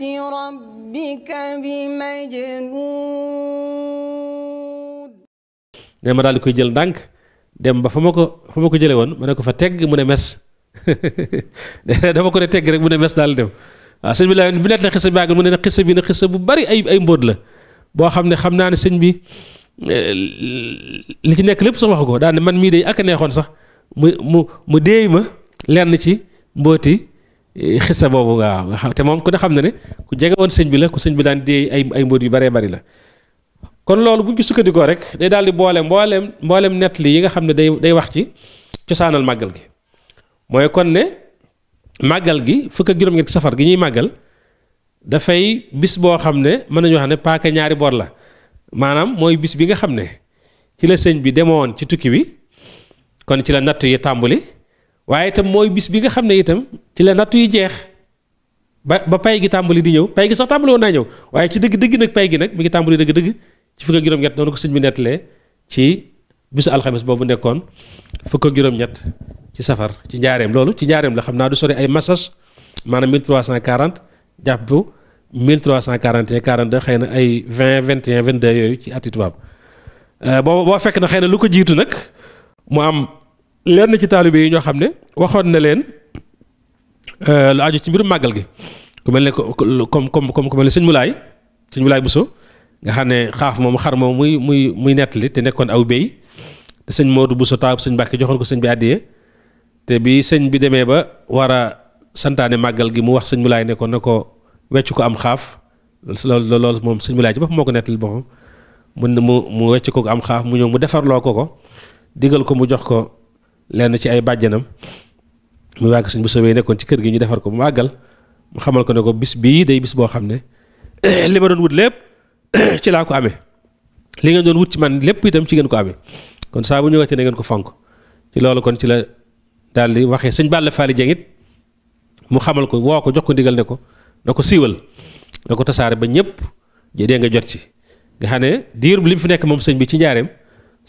ربك ma daal di koy jël ndànk dem ba fa ma ko fa ma ko jële woon ma ne ko fa teg mu ne mes dama ko ne tegg rek mu ne mes daal dem waaw sëñ bi laa bi nett la xisa bi na xisa bu bari ay ay mbóot la boo xam ne xam naa ne sëñ bi eh, li ci nekk lépp sax waxu ko daal man mii day ak neexoon sax mu mu mu déey ma lenn ci mbóoti xisa boobu waaw te moom ku ne xam na ne ku jege woon sëñ bi la ku sëñ bi daan dee ay ay mbóot yu baree bari la kon loolu bu ko sukkandikoo rek day daal di boole mbooleem mbooleem nett li yi nga xam ne day day wax ci cosaanal màggal gi mooy kon ne màggal gi fukk ak juróom-ñett safar gi ñuy màggal dafay bis boo xam ne mën nañu wax ne paaka ñaari bor la maanaam mooy bis bi nga xam ne ci la sëñ bi demoon ci tukki bi kon ci la natt yi tàmbali waaye itam mooy bis bi nga xam ne itam ci la nattu yi jeex ba ba pay gi tàmbali di ñëw pay gi sax tàmbali woon naa ñëw waaye ci dëgg-dëgg nag pay gi nag mu ngi tàmbali dëgg-dëgg ci fukk ak juróom-ñett noonu ko sëñ bi nettalee ci bisu alxames boobu nekkoon fukk ak juróom-ñett ci safar ci njaareem loolu ci njaareem la xam naa du sori ay massage maanaam 1340 jàpp 1341 42 xëy na ay 20 21 22 yooyu ci ati tubaab euh, boo boo fekk na xëy na lu ko jiitu nag mu am. leer na ci taalibe yi ñoo xam ne waxoon na leen euh, lu aju ci mbirum màggal gi ku mel ne comme comme comme ku mel ne sëñ Mulaay sëñ Mulaay Buso nga xam ne xaaf moom xar moom muy muy muy nettali te nekkoon aw béy sëñ Moodu Buso taab sëñ Mbàkke joxoon ko sëñ bi te bi sëñ bi demee ba war a santaane màggal gi mu wax sëñ Mulaay ne na ko wecc ko am xaaf loolu lool moom sëñ Mulaay ci boppam moo ko nettali boppam mu mu wecc ko am xaaf mu ñëw mu defarloo ko ko digal ko mu jox ko. lenn ci ay bàjjanam mu wàgg suñ bu soobee nekkoon ci kër gi ñu defar ko mu màggal mu xamal ko ne ko bis bii day bis boo xam ne li ma doon wut lépp ci laa ko amee li ngeen doon wut ci man lépp itam ci ngeen ko ame kon saa bu ñëwaatee na ngeen ko fonk ci loolu kon ci la daal di waxee sëñ bàll Faali Jeng it mu xamal ko woo ko jox ko ndigal ne ko na ko siiwal na ko tasaare ba ñëpp dee nga jot ci. nga xam ne diir bi li mu fi nekk moom sëñ bi ci njaareem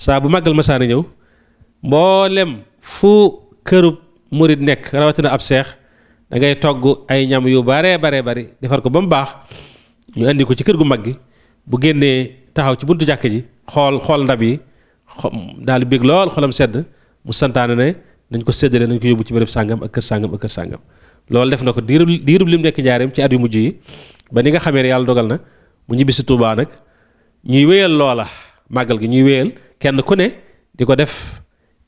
saa bu màggal masaana ñëw mboolem. fu kërub murit nekk rawatina ab seex da ngay togg ay ñam yu baree baree bari defar ko ba mu baax ñu indi ko ci kër gu mag gi bu génnee taxaw ci buntu jàkk ji xool xool ndab yi daal bég lool xolam sedd mu santaane ne nañ ko séddale nañ ko yóbbu ci béréb sàngam ak kër sàngam ak kër sàngam loolu def na ko diirub diirub lim nekk njaareem ci at yu mujj yi ba ni nga xamee ne yàlla dogal na mu ñibbi si Tuubaa nag ñuy wéyal loola màggal gi ñuy wéyal kenn ku ne di ko def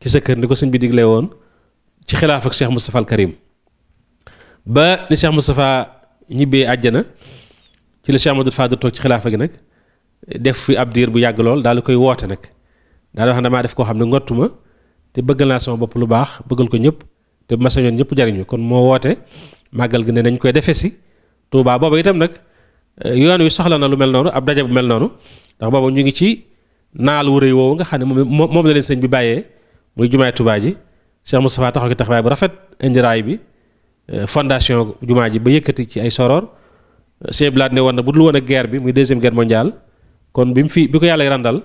ci sa kër ni ko sëñ bi diglee woon ci xilaaf ak Cheikh Moustapha al Karim ba ni Cheikh Moustapha ñibbee àjjana ci la Cheikh Amadou Fadou toog ci xilaafa gi nag def fi ab diir bu yàgg lool daal di koy woote nag daal di ne damaa def koo xam ne ngottuma te bëggal naa sama bopp lu baax bëggal ko ñëpp te ma ñëpp jariñu kon moo woote màggal gi ne nañ koy defee si Tuubaa booba itam nag eh, yoon wi soxla na lu mel noonu ab daje bu mel noonu ndax booba ñu ngi ci naal wu rëy woowu nga xam ne moom moom la leen sëñ bi bàyyee muy jumaay Tuubaa ji Cheikh Moustapha taxaw ki taxawaay bu rafet indi raay bi euh, fondation jumaa ji ba yëkkati ci ay soror Cheikh Blade ne woon na bu dul woon a guerre bi muy deuxième guerre mondiale kon bi mu fi bi ko yàlla randal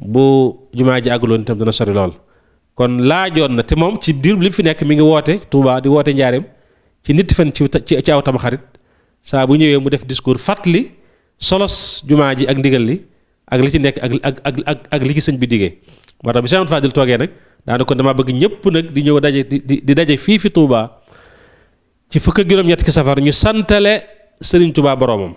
bu jumaa ji àgguloon itam dana sori lool. kon laajoon na te moom ci diir li mu fi nekk mi ngi woote Touba di woote njaareem ci nit fan ci ci aw tamxarit saa bu ñëwee mu def discours fàttali solos jumaa ji ak ndigal li ak li ci nekk ak ak ak ak li ci sëñ bi diggee moo tax bi Cheikh toogee nag. daana kon dama bëgg ñëpp nag di ñëw daje di di daje fii fi Touba ci fukk ak juróom-ñett ki safar ñu santale Serigne Touba boroomam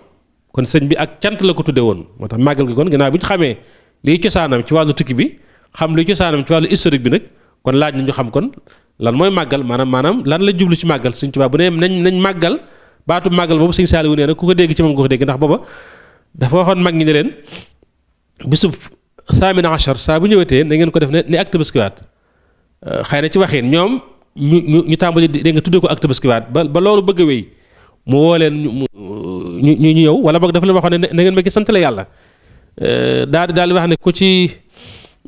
kon sëñ bi ak cant la ko tudde woon moo tax màggal gi kon ginnaaw bi ñu xamee liy cosaanam ci wàllu tukki bi xam liy cosaanam ci wàllu historique bi nag kon laaj na ñu xam kon lan mooy màggal maanaam maanaam lan la jublu ci màggal Serigne tubaa bu ne nañ nañ màggal baatu màggal boobu Serigne Saliou nee na ku ko dégg ci moom nga ko dégg ndax booba dafa waxoon mag ñi ne leen bisub saamina achar saa bu ñëwee tee na ngeen ko def ne ne ak tabaskiwaat Euh, xëy na ci waxin ñoom ñu ñu ñu tàmbali dégg nga tuddee ko ak tabaskiwaat ba ba loolu bëgg a mu woo leen ñu ñu ñëw wala boog dafa leen waxoon ne na ngeen ma ki sant la yàlla euh, daal di di wax ne ku ci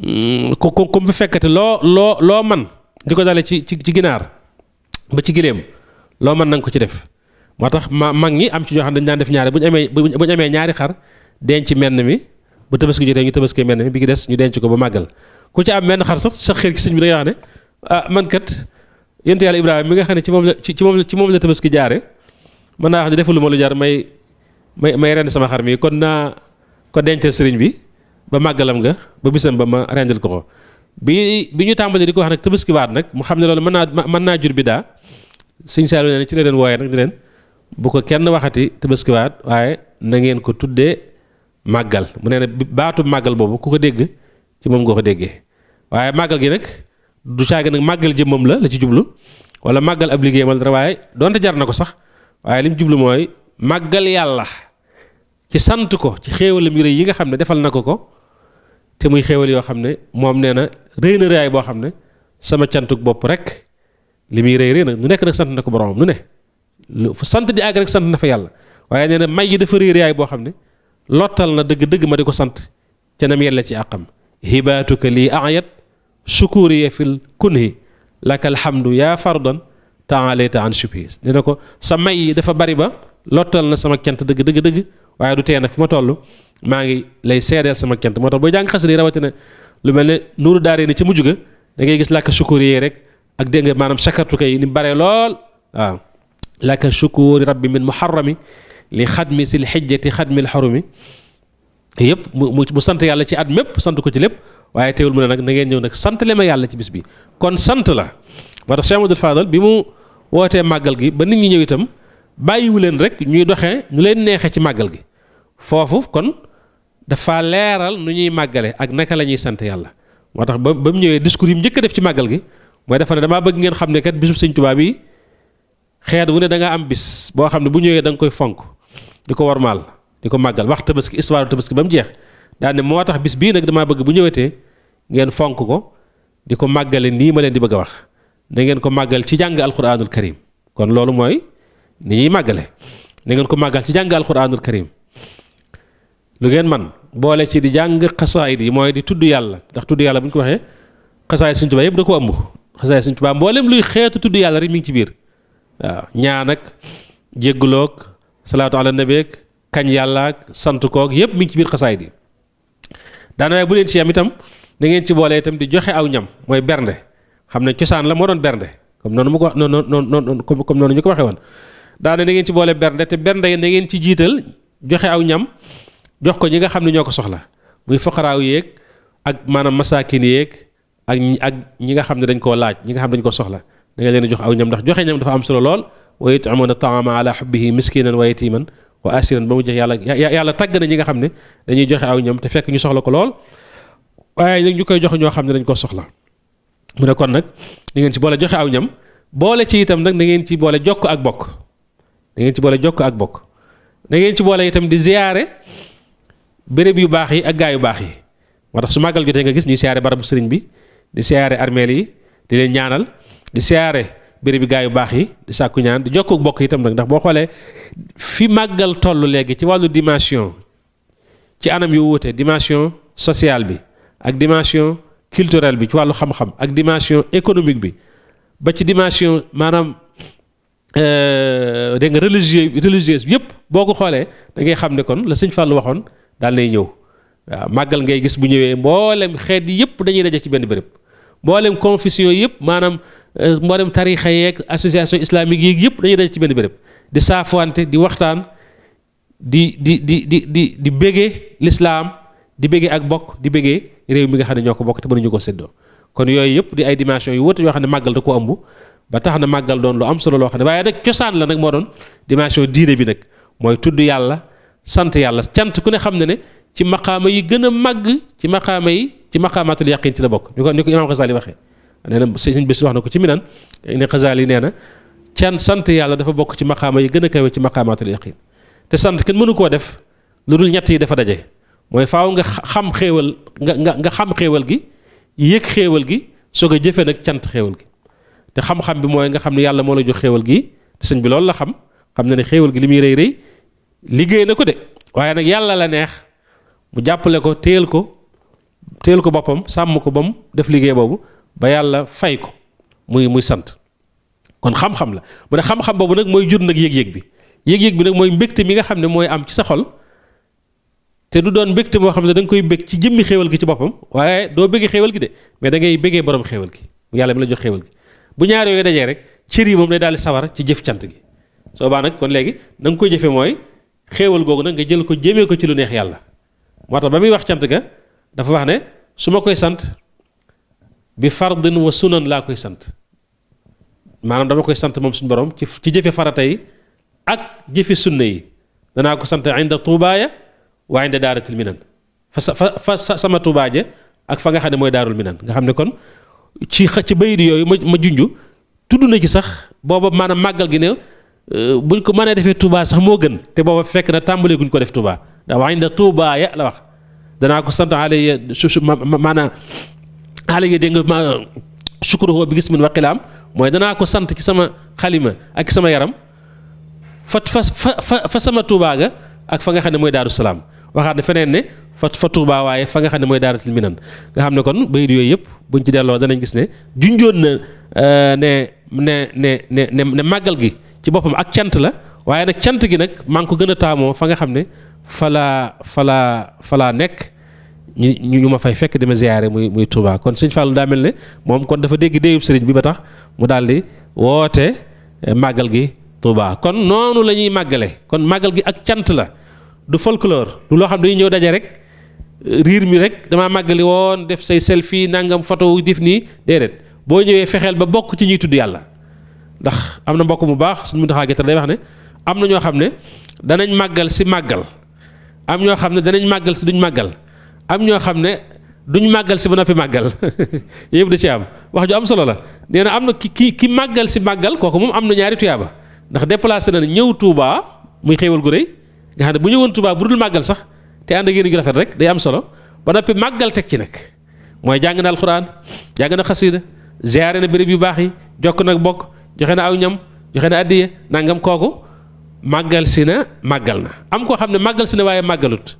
mm, ku ku ku mu loo loo loo man di ko dalee ci ci ci ginaar ba ci gileem loo man na ko ci def. moo tax ma mag ñi am ci ñoo xam daan def ñaari bu ñu amee bu ñaari xar denc menn mi bu tabaski jotee ñu tabaskee menn mi bi ki des ñu denc ko ba màggal. ku ci am menn xar sax sa xër ci sëñ bi da ngay ne ah man kat yonent yàlla Ibrahima mi nga xam ne ci moom la ci moom la ci moom la tabaski jaare mën naa wax ne deful ma lu jaar may may may rend sama xar mi kon naa ko dencal sëriñ bi ba màggalam nga ba bisam ba ma rendal ko ko bi bi ñu tàmbalee di ko wax nag tabaski waat nag mu xam ne loolu mën naa mën naa jur bi daa sëñ Saalu ne ci la leen wooye nag di leen bu ko kenn waxati tabaski waat waaye na ngeen ko tuddee màggal mu ne ne baatu màggal boobu ku ko dégg. ci moom nga ko déggee waaye màggal gi nag du caagi nag màggal jëmmam la la ci jublu wala màggal ab liggéeyam la dara waaye donte jar na ko sax waaye li jublu mooy màggal yàlla ci sant ko ci xéewalam yu rëy yi nga xam ne defal na ko ko te muy xéewal yoo xam ne moom nee na rëy na rëyaay boo xam ne sama cantuk bopp rek li muy rëy rëy nag nu nekk nag sant na ko boromam nu ne sant di àgg rek sant na fa yàlla waaye nee na may yi dafa rëy rëyaay boo xam ne lottal na dëgg-dëgg ma di ko sant te na mu ci àqam hibaatuka lii ayat sukuriya fil kunhi laka alhamdu yaa fardan taalayta an shubhis dina ko sa may yi dafa bari ba lottal na sama cant dëgg dëgg dëgg waaye du tee nag fu ma toll maa ngi lay seedeel sama cant moo tax booy jàng xasida yi rawatina lu mel ne nuuru daaree ni ci mujj ga da ngay gis làkka sukuriya rek ak dégg nga maanaam sakartu kay ni bare lool waaw làkka sukuri rabbi min muharrami li xadmi sil xijjati xadmi alxarumi yëpp mu mu sant yàlla ci at mépp sant ko ci lépp waaye teewul mu ne nag na ngeen ñëw nag sant ma yàlla ci bis bi kon sant la moo tax Cheikh Amadou Fadal bi mu wootee màggal gi ba nit ñi ñëw itam bàyyiwu leen rek ñuy doxee ñu leen neexee ci màggal gi foofu kon dafa leeral nu ñuy màggale ak naka la ñuy sant yàlla moo tax ba ba mu ñëwee discours yi mu njëkk def ci màggal gi mooy dafa ne damaa bëgg ngeen xam ne kat bisub sëñ Tuubaa yi xeet wu ne da nga am bis boo xam ne bu ñëwee da nga koy fonk di ko warmaal di ko màggal wax tabaski histoire tabaski ba mu jeex daal moo tax bis bii nag dama bëgg bu ñëwetee ngeen fonk ko di ko màggale nii ma leen di bëgg a wax da ngeen ko màggal ci jàng alquranul karim kon loolu mooy ni ñuy màggale da ngeen ko màggal ci jàng alquranul karim lu ngeen man boole ci di jàng xasaayid yi mooy di tudd yàlla ndax tudd yàlla bu ñu ko waxee xasaayid Sëñ Tuubaa yëpp da ko ëmb xasaayid Sëñ Tuubaa mboolem luy xeetu tudd yàlla rek mi ngi ci biir waaw ñaan ak jéggaloog salaatu ala nabi kañ yàlla sant koog yëpp mi ngi ci biir xasaay di daanaka bu leen ci yam itam da ngeen ci boole itam di joxe aw ñam mooy bernde xam ne cosaan la moo doon bernde comme noonu mu ko noonu noonu comme noonu ñu ko waxee woon. daanaka da ngeen ci boole te bernde da ngeen ci jiital joxe aw ñam jox ko ñi nga xam ne ñoo ko soxla muy foqaraaw yeeg ak maanaam masaakin yeeg ak ak ñi nga xam ne dañ koo laaj ñi nga xam dañ koo soxla da leen jox aw ñam ndax joxe ñam dafa am solo lool wa yut'imuna ta'ama ala hubbihi miskinan wa yatiman wa asiran ba mu jeex yàlla yàlla tàgg na ñi nga xam ne dañuy joxe aw ñam te fekk ñu soxla ko lool waaye nag ñu koy joxe ñoo xam ne dañ ko soxla mu ne kon nag da ngeen ci boole joxe aw ñam boole ci itam nag da ngeen ci boole jokk ak bokk da ngeen ci boole jokk ak bokk da ngeen ci boole itam di ziyaare béréb yu baax yi ak gaa yu baax yi moo tax su màggal jotee nga gis ñuy siyaare barabu sëriñ bi di siyaare armeel yi di leen ñaanal di siyaare béréb bi gaa yu baax yi di sàkku ñaan di jokkoo bokk itam nag ndax boo xoolee fi màggal toll léegi ci wàllu dimension ci anam yu wuute dimension sociale bi ak dimension culturelle bi ci wàllu xam-xam ak dimension économique bi ba ci dimension maanaam euh, dégg nga religieux religieuse bi yëpp boo ko xoolee da ngay xam ne kon la sëñ Fallou waxoon daal lay ñëw waaw màggal ngay gis bu ñëwee mboolem xeet yëpp dañuy daje ci benn béréb mboolem confession yëpp maanaam. Euh, mboolem tarixa yeeg association islamique yeeg yëpp dañuy daje ci benn béréb di saafowante di waxtaan di di di di di di bégee lislaam di bégee ak bokk di bégee réew mi nga xam ne ñoo ko bokk te ñu ko séddoo kon yooyu yëpp di ay dimension yu wute yoo xam ne màggal da ko ëmb ba tax na màggal doon lu am solo loo xam ne waaye nag cosaan la nag moo doon dimension diine bi nag mooy tudd yàlla sant yàlla cant ku ne xam ne ne ci maqaama yi gën a màgg ci maqaama yi ci maqaamaatul yaqin ci la bokk ñu ko ni ko waxee nee na bi bis wax na ko ci minan ne xasaali nee neena can sant yàlla dafa bokk ci maqaama yi gën a kawe ci maqaamaatul yaqin te sant kenn mënu koo def lu dul ñett yi dafa daje mooy faaw nga xam xéewal nga nga nga xam xéewal gi yëg xéewal gi soog a jëfee nag cant xéewal gi te xam-xam bi mooy nga xam ne yàlla moo la jox xéewal gi te sëñ bi loolu la xam xam na ne xéewal gi li muy rëy rëy liggéey na ko de waaye nag yàlla la neex mu jàppale ko téyel ko téyel ko boppam sàmm ko ba mu def liggéey boobu ba yàlla fay ko muy muy sant kon xam-xam la mu ne xam-xam boobu nag mooy jur nag yëg-yëg bi yëg-yëg bi nag mooy mbégte mi nga xam ne mooy am ci sa xol te du doon mbégte moo xam ne da koy bég ci jëmmi xéewal gi ci boppam waaye doo bëggee xéewal gi de mais da ngay bëggee borom xéewal gi yàlla mi la jox xéewal gi bu ñaar rek cër yi moom day daal di sawar ci jëf cant gi soo baa nag kon léegi da koy jëfee mooy xéewal googu nag nga jël ko jëmee ko ci lu neex yàlla moo tax ba muy wax cant ga dafa wax ne su ma koy sant bi fardin wa sunan laa koy sant maanaam dama koy sant moom suñ borom ci ci jëfe farata yi ak jëfe sunna yi danaa ko sant inda tuubaaya wa inda daaratil minan fa fa sama tuubaa ak fa nga xam ne mooy daarul minan nga xam ne kon ci xëcc bayit yooyu ma ma junj tudd na ci sax booba maanaam màggal gi ne euh, buñ ko mënee defee tuubaa sax moo gën te booba fekk na tàmbalee guñ ko def tuubaa ndax wa inda la wax danaa ko sant alayya maanaam xaalige dégg nga ma sukkuruhu bi gis min waqilaam mooy danaa ko sant ci sama xalima ak sama yaram fa fa fa fa sama tuubaa ga ak fa nga xam ne mooy daaru salaam waxaat ne feneen fa fa tuubaa waaye fa nga xam ne mooy daaratil minan nga xam ne kon bayit yooyu yëpp buñ ci delloo danañ gis ne junjoon na euh, ne ne ne ne màggal gi ci boppam ak cant la waaye nag cant gi nag maa ngi ko gën a taamoo fa nga xam ne fa laa fa laa fa laa nekk ñu ñu ma fay fekk dama ziyaare muy muy Touba kon sëñ Fallou daa mel ne moom kon dafa dégg déyub sëriñ bi ba tax mu daal di woote eh, màggal gi Touba kon noonu la ñuy màggale kon màggal gi ak cant la du folklore du loo xam ne dañuy ñëw daje rek eh, riir mi rek damaa màggali woon def say selfie nangam photo def nii déedéet boo ñëwee fexeel ba bokk ci ñuy yàlla ndax am na mbokk mu baax suñu muntaxaa day wax ne am na ñoo xam ne danañ màggal si màggal am ñoo xam ne danañ màggal si duñ màggal am ñoo xam ne duñ màggal si ba noppi màggal yëpp da ci am wax ju am solo la nee na am na ki ki ki màggal si màggal kooku moom am na ñaari tuyaaba ndax déplacé na ñëw tuubaa muy xéewal gu rëy nga xam ne bu ñëwoon Touba bu dul màggal sax te ànd ak yéen gi rafet rek day am solo ba noppi màggal teg ci nag mooy jàng na alxuraan jàng na xasida ziyaare na béréb yu baax yi jokk nag bokk joxe na aw ñam joxe na addiye nangam kooku màggal si na màggal na am koo xam ne màggal si na waaye màggalut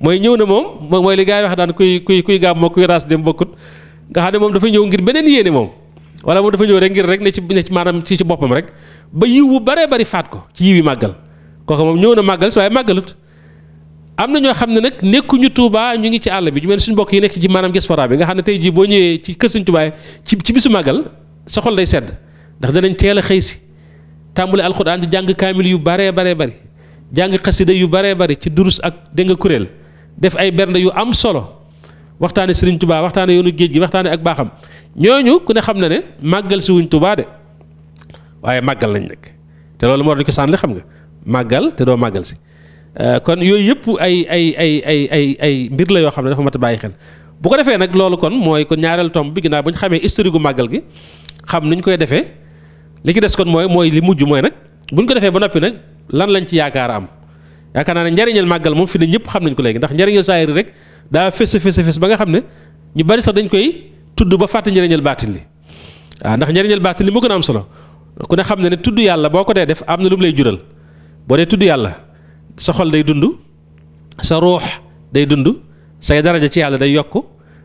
mooy ñëw na moom mooy li gars yi wax daan kuy kuy kuy gàmm kuy raas dem bokkut nga xam ne moom dafa ñëw ngir beneen yéene moom wala moom dafa ñëw rek ngir rek ne ci ne ci maanaam ci ci boppam rek ba yiw bu baree bari faat ko ci yiw yi màggal kooku moom ñëw na màggal si waaye màggalut am na ñoo xam ne nag nekkuñu tuubaa ñu ngi ci àll bi ñu mel suñu mbokk yi nekk ci maanaam diaspora bi nga xam ne tey jii boo ñëwee ci kër Sëñ Tuubaa ci ci bisu màggal sa day sedd ndax danañ teel a xëy si tàmbali alxuraan di jàng kaamil yu baree baree bari jàng xasida yu baree bari ci durus ak dégg nga kuréel def ay bernde yu am solo waxtaane Serigne Touba waxtaane yoonu géej gi waxtaane ak baaxam ñooñu ku ne xam ne ne màggal si wuñ Touba de waaye màggal nañ nag te loolu moo doon ko sànni xam nga màggal te doo màggal si euh, kon yooyu yëpp ay ay ay ay ay ay mbir la yoo xam ne dafa mat a bàyyi xel bu ko defee nag loolu kon mooy kon ñaareel tomb bi ginnaaw bu ñu xamee historique gu màggal gi xam nuñ koy defee li ki des kon mooy mooy li mujj mooy nag buñ ko defee ba noppi nag lan lañ ci yaakaar am. yaakaar naa ne njariñal màggal moom fi ne ñëpp xam nañ ko léegi ndax njariñal saayir rek daa fës fës fës ba nga xam ne ñu bari sax dañ koy tudd ba fàtte njariñal baatin li waaw ndax njariñal baatin li mu gën a am solo ku ne xam ne ne tudd yàlla boo ko dee def am na lu mu lay jural boo dee tudd yàlla sa xol day dund sa ruux day dund say daraja ci yàlla day yokk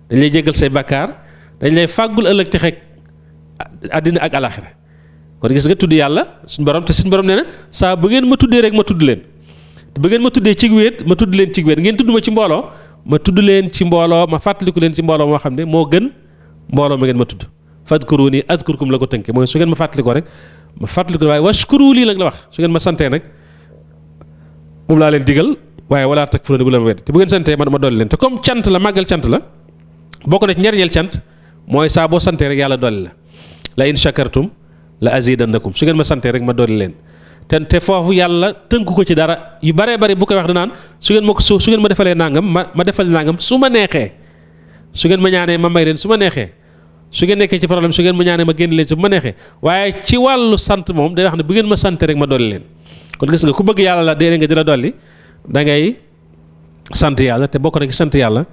dañ lay jéggal say bakkaar dañ lay fàggul ëllëg te xeek àddina ak alaxira kon gis tudd yàlla suñu borom te suñu borom nee na bu ngeen ma tuddee ma tudd leen ba ngeen ma tuddee ci wéet ma tudd leen ci wéet ngeen tudd ma ci mbooloo ma tudd leen ci mbooloo ma fàttaliku leen ci mbooloo moo xam ne moo gën mbooloo ma ngeen ma tudd fadkuruni azkurkum la ko tënkee mooy su ngeen ma fàttalikoo rek ma fàttaliku waaye washkuru lii la wax su ngeen ma santee nag moom laa leen digal waaye wala takfuruni bu la ma wedd bu ngeen santee man ma dolli leen te comme cant la màggal cant la bokk na ci njariñel cant mooy saaboo boo santee rek yàlla dolli la la in shakartum la azidannakum su ngeen ma santee rek ma dolli leen te foofu yàlla tënku ko ci dara yu baree bari bu koy wax naan su ngeen ma ko su ngeen ma defalee nangam ma ma defal nangam su ma neexee su ngeen ma ñaanee ma may leen su ma neexee su ngeen nekkee ci problème su ngeen ma ñaanee ma génn leen su ma neexee waaye ci wàllu sant moom day wax ne bu ngeen ma sante rek ma dolli leen kon gis nga ku bëgg yàlla la déedéet nga di dolli da ngay sant yàlla te bokk na ci sant yàlla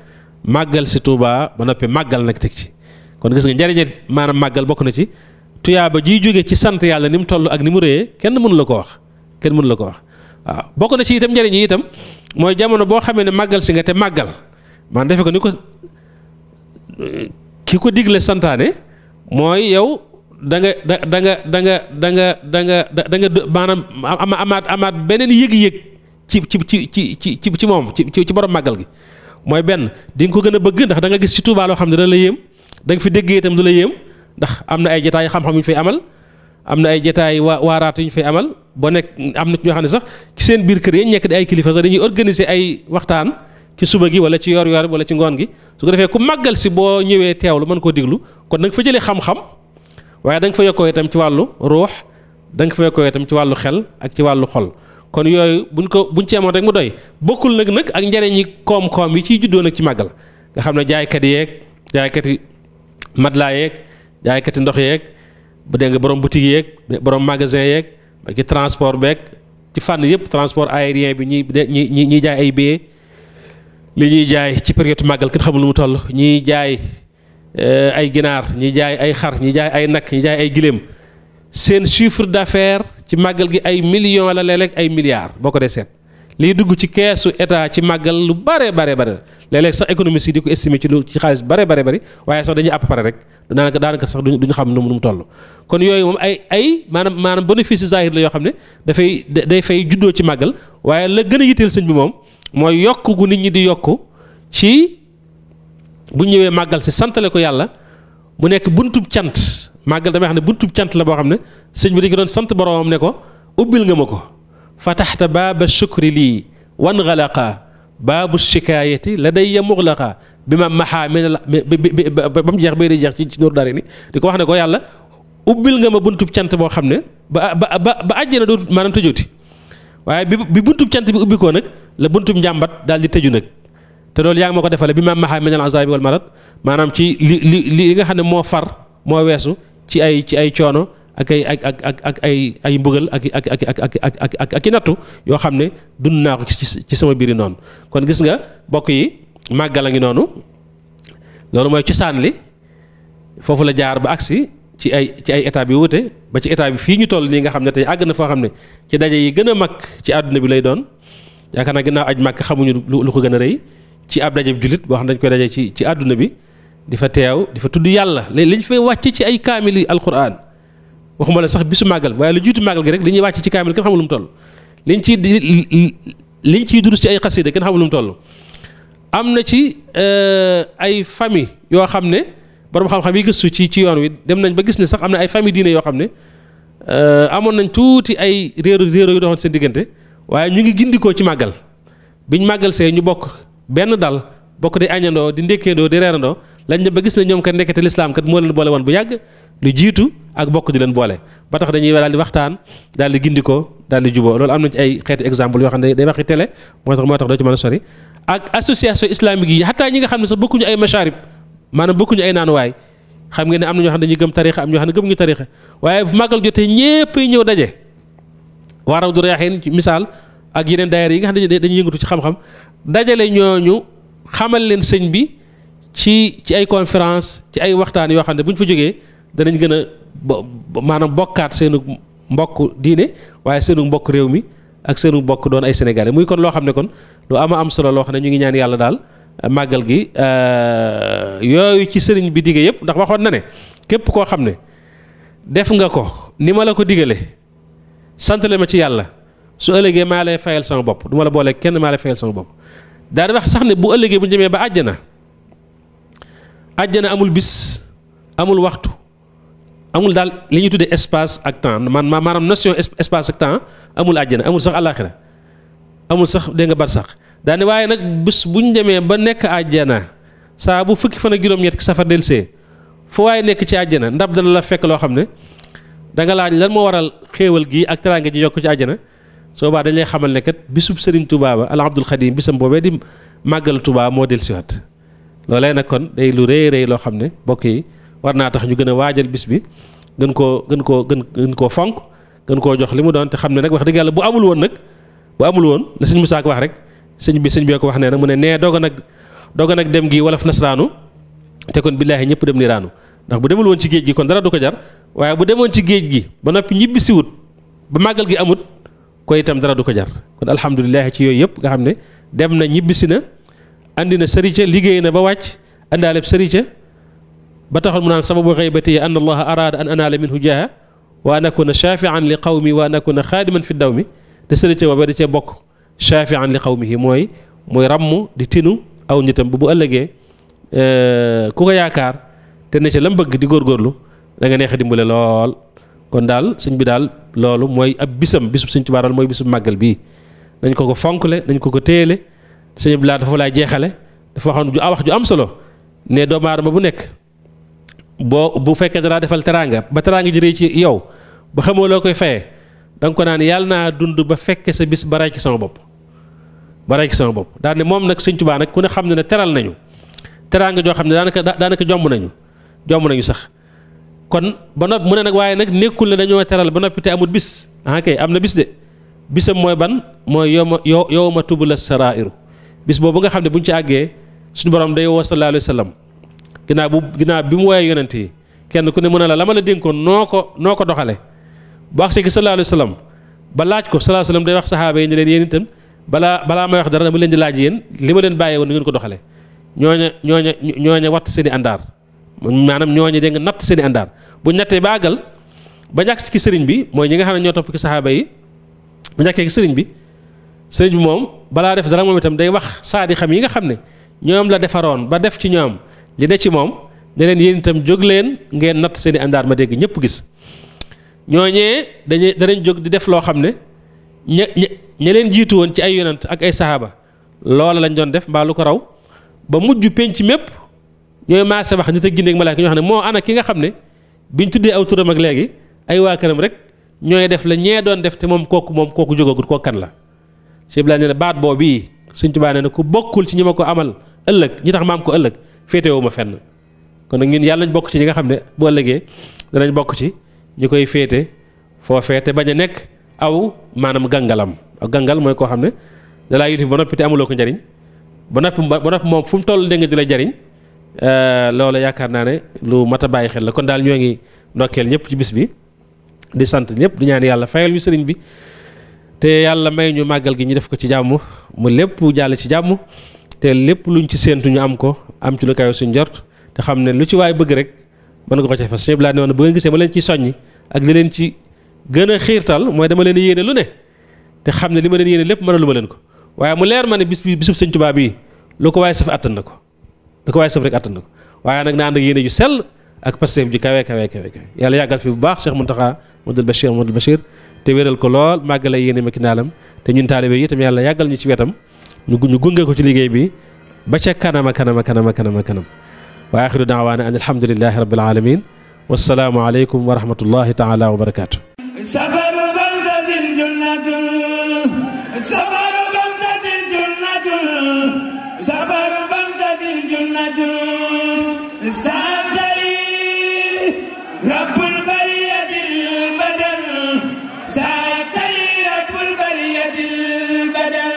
màggal si Tuubaa ba noppi màggal nag ci kon gis nga maanaam màggal bokk na ci tuyaaba jii jóge ci sant yàlla ni mu toll ak ni mu rëyee kenn mënu la ko wax kenn mënu la ko wax waaw bokk na ci itam njëriñ yi itam mooy jamono boo xamee ne màggal si nga te màggal man defe ko ni ko ki ko digle santaane mooy yow da nga da da nga da nga da nga da amaat amaat beneen yëg-yëg ci ci ci ci ci ci moom ci ci borom màggal gi mooy benn di nga ko gën a bëgg ndax da nga gis ci Tuubaa xam ne da la yéem da fi déggee itam du la yéem. ndax am na ay jataay xam-xam yu ñu fay amal am na ay jataay waa waaraat yu ñu fay amal boo nekk am na ñoo xam ne sax ci seen biir kër yi nekk di ay kilifa sax dañuy organiser ay waxtaan ci suba gi wala ci yor-yor wala ci ngoon gi su ko defee ku màggal si boo ñëwee teew teewlu mën koo diglu kon da ko fa jëlee xam-xam waaye da nga fa yokkoo itam ci wàllu ruux da ko fa yokkoo itam ci wàllu xel ak ci wàllu xol kon yooyu buñ ko buñ ci amoon rek mu bokkul nag nag ak njëriñ yi koom yi ciy juddoo nag ci màggal nga xam ne jaaykat yeeg jaaykat yi madlaa yeeg jaaykati ndox yeeg bu dégg nga borom boutique yeeg borom magasin yeeg ba ci transport beeg ci fànn yëpp transport aérien bi ñi ñi ñiy jaay ay billets li ñuy jaay ci période màggal kenn xamul lu mu toll ñiy jaay euh, ay ginaar ñiy jaay ay xar ñiy jaay ay nag ñiy jaay ay giléem seen chiffre d'affaires ci màggal gi ay millions wala léeg ay milliards boo ko dee seet liy dugg ci keesu état ci màggal lu bare bare bare léeg-léeg sax économiste yi di ko estimer ci lu ci xaalis bare bare bari waaye sax dañuy àpp pare rek daanaka daanaka sax duñ duñ xam nu mu toll kon yooyu moom ay ay maanaam maanaam bénéfice zahir la yoo xam ne dafay day fay juddoo ci màggal waaye la gën a yitteel sëñ bi moom mooy yokk gu nit ñi di yokk ci bu ñëwee màggal si santale ko yàlla mu nekk buntub cant màggal damay xam ne buntub cant la boo xam ne sëñ bi dañ ko doon sant boromam ne ko ubbil nga ma ko fataxta baaba shukri lii wan xalaqa baabu shikaayati la day ya bi ma maxaa mi la ba mu jeex bay di jeex ci nuru Nuuru Daarayni di ko wax ne ko yàlla ubbil nga ma buntu cant boo xam ne ba ba ba ba àjjana dootul maanaam tëjooti waaye bi bi buntub cant bi ubbi koo nag la buntu njàmbat daal di tëju nag te loolu yaa ngi ma ko defale bi ma maxaa mi la azaabi wal marad maanaam ci li li li nga xam ne moo far moo weesu ci ay ci ay coono ak ay ak ak ak ak ay ay mbugal ak ak ak ak ak ak i nattu yoo xam ne dund naa ko ci sama biiri noonu kon gis nga bokk yi. màggal a ngi noonu loolu mooy cosaan li foofu la jaar ba agsi ci ay ci ay état bi wute ba ci état bi fii ñu toll nii nga xam ne tey àgg na foo xam ne ci daje yi gën a mag ci àdduna bi lay doon yaakaar naa ginnaaw aj màkk xamuñu lu ko gën a rëy ci ab daje jullit boo xam ne dañ koy daje ci ci àdduna bi di fa teew di fa tudd yàlla léegi li ñu fay wàcce ci ay kaamil yi alquran waxuma la sax bisu màggal waaye lu jiitu màggal gi rek li ñuy wàcce ci kaamil kenn xamul lu mu toll liñ ciy liñ ciy dund ci ay xasida kenn xamul lu mu toll am na ci euh, ay famille yoo xam ne borom xam-xam yi gëstu ci ci yoon wi dem nañ ba gis ne sax am na ay famille diine yoo xam ne euh, amoon nañ tuuti ay réero réero yu doxoon seen diggante waaye ñu ngi gindikoo ci màggal ñu màggal see ñu bokk benn dal bokk di añandoo di ndékkeendoo di reerandoo lañ ba gis ne ñoom kat ndekkete lislaam kat moo leen boole woon bu yàgg lu jiitu ak bokk di leen boole ba tax dañuy daal di waxtaan daal di gindikoo daal di juboo loolu am na ci ay xeeti yoo xam ne day waxi moo tax moo tax doo ci mën a sori ak association islamique yi xataa ñi nga xam ne sax bokkuñu ay macharib maanaam bokkuñu ay naanuwaay xam ngeen ne am na ñoo xam ne dañuy gëm tarixa am ñoo xam ne gëmuñu tarixa waaye bu màggal jotee ñépp ay ñëw daje waa Rawdu Rayaahiin misaal ak yeneen daayira yi nga xam ne dañuy yëngatu ci xam-xam dajale ñooñu xamal leen sëñ bi ci ci ay conférence ci ay waxtaan yoo xam ne bu ñu fa jógee danañ gën a maanaam bokkaat seenu mbokk diine waaye seenu mbokk réew mi ak seenu bokk doon ay sénégalais muy kon loo xam ne kon lu ama am solo loo xam ne ñu ngi ñaan yàlla daal euh, màggal gi euh, yooyu ci sëriñ bi digge yëpp ndax waxoon na ne képp koo xam ne def nga ko ni ma la ko digale santale ma ci yàlla su ëllëgee maa lay fayal sama bopp du la boolee kenn maa lay fayal sama bopp daal di wax sax ne bu ëllëgee bu ñu demee ba àjjana àjjana amul bis amul waxtu amul daal li ñuy tuddee espace ak temps man maanaam notion espace ak temps amul àjjana amul sax àllaaxira amul sax dégg nga bar sax daane waaye nag bés bu ñu demee ba nekk àjjana saa bu fukki fan ak juróom-ñett safar delsee fu waaye nekk ci àjjana ndab dana la fekk loo xam ne danga nga laaj lan moo waral xéewal gii ak teraanga ji yokk ci àjjana soo baa dañ lay xamal nekkat kat bisub Serigne Touba ba al Abdul Xadim bisam boobee di màggal Touba moo dellusiwaat loolee nag kon day lu rëy rëy loo xam ne mbokk yi. war naa tax ñu gën a waajal bis bi gën koo gën koo gën gën koo fonk gën koo jox li mu doon te xam ne nag wax dëgg yàlla bu amul woon nag bu amul woon la mu Musaa wax rek sëñ bi sëñ bi ko wax nee na mu ne nee doog a nag doog nag dem gi wolof nasraanu te kon billaahi ñëpp dem ni raanu ndax bu demul woon ci géej gi kon dara du ko jar waaye bu demoon ci géej gi ba noppi ñibbi siwut ba màggal gi amut ko itam dara du ko jar kon alhamdulilah ci yooyu yëpp nga xam ne dem na ñibbisi na andi na sëriñ liggéey na ba wàcc andaaleb sëriñ ba taxoon mu naan sababu xaybati an allaha araada an anaala minhu jaaha wa an akuna shaafian li qawmi wa an akuna xaadiman fi daw mi te sëriñ ba da cee bokk shaafian li qawmihi mooy mooy ràmm di tinu aw nitam bu bu ëllëgee eh, ku ko yaakaar te ne ci lam bëgg di góorgóorlu da nga neex a dimbale lool kon daal sëñ bi daal loolu mooy ab bisam bisub sëñ Tuubaa daal mooy bisub màggal bii nañ ko ko fonkle nañ ko ko téele sëñ bi daal dafa laay jeexale dafa waxoon ju wax ju am solo ne doomu aadama bu nekk boo bu fekkee dalaa defal teraanga ba teraanga ji rëy ci yow ba xamoo loo koy fayee da ko naan yàlla naa dund ba fekkee sa bis baray ci sama bopp baray ci sama bopp daal moom nag Sëñ Tuubaa nag ku ne xam ne ne teral nañu teraanga joo xam ne daanaka daanaka jomb nañu jomb nañu sax kon ba noppi mu ne nag waaye nag nekkul na dañoo teral ba noppite te bis ah kay am na bis de bisam mooy ban mooy yow ma yow ma tubula sarairu bis boobu nga xam ne buñ ci àggee suñu borom day woo sallallahu alayhi wa sallam ginnaaw bu ginnaaw bi mu woowee yonent yi kenn ku ne mën a la la ma la dénkoon noo ko noo ko doxale bu agsi ki sallallahu ba laaj ko sallallahu alayhi day wax saxaaba yi ne leen yéen itam balaa balaa may wax dara dama leen di laaj yéen li ma leen bàyyee woon ni ko doxale ñooña ñooña ñooña watt seen i àndaar maanaam ñooña dégg nga natt seen i àndaar bu baagal ba ñàkk ci sëriñ bi mooy ñi nga xam ne ñoo topp ki saxaaba yi bu ñàkkee ki sëriñ bi sëriñ bi balaa def dara moom itam day wax saadi xam yi nga xam ne ñoom la defaroon ba def ci ñoom li ne ci moom ne leen yéen itam jóg leen ngeen natt seen i àndaar ma dégg ñëpp gis ñooñee dañuy danañ jóg di def loo xam ne ña ña leen jiitu woon ci ay yonant ak ay saxaaba loola lañ doon def mbaa lu ko raw ba mujj penc mépp ñooy maase wax nit ak ginne ak malaaka xam ne moo ana ki nga xam ne biñ tuddee aw turam ak léegi ay waa këram rek ñooy def la ñee doon def te moom kooku moom kooku jógagut kooku kan la. Cheikh Ibrahima ne baat boobu bii suñ Tuubaa nee na ku bokkul ci ñi ma ko amal ëllëg ñi tax ma ko ëllëg. féetewuma fenn kon nag ñun yàlla nañ bokk ci ñi nga xam ne bu ëllëgee bokk ci ñu koy féete foofee te bañ a nekk aw maanaam gàngalam ak gàngal mooy koo xam ne dalaa yitif ba noppi te amuloo ko njariñ ba nopp ba noppi moom fu mu toll dégg nga di la jariñ euh, loolu yaakaar naa ne lu mat a bàyyi xel la kon daal ñoo ngi ndokkeel ñëpp ci bis bi di sant ñëpp di ñaan yàlla fayal ñu sëriñ bi te yàlla may ñu màggal gi ñu def ko ci jàmm mu lépp jàll ci jàmm te lépp lu ñu ci séentu ñu am ko am ci lu kawe suñ jort te xam ne lu ci waay bëgg rek mën nga ko ca fas ñëpp laa ne woon bu ngeen gisee ma leen ci soññi ak li leen ci gën a xiirtal mooy dama leen yéene lu ne te xam ne li ma leen yéene lépp lu ma leen ko waaye mu leer ma ne bis bi bisub sëñ Tuubaa bii lu ko waay saf attan na ko lu ko waaye saf rek attan na ko waaye nag naa ànd ak yéene ju sell ak pasteef ji kawe kawe kawe yàlla yàggal fi bu baax Cheikh Mountakha Modou Bachir Modou Bachir te wéral ko lool màggale yéene ma ki naalam te ñun taalibe yi itam yàlla yàggal ñu ci wetam ñu ñu gunge ko ci liggéey bi ba ca kanama kanama kanama kanama kanam wa axiru daawaana an alhamdulilahi rabbil alamin wassalaamu aleykum wa rahmatullahi taala wa barakaatu.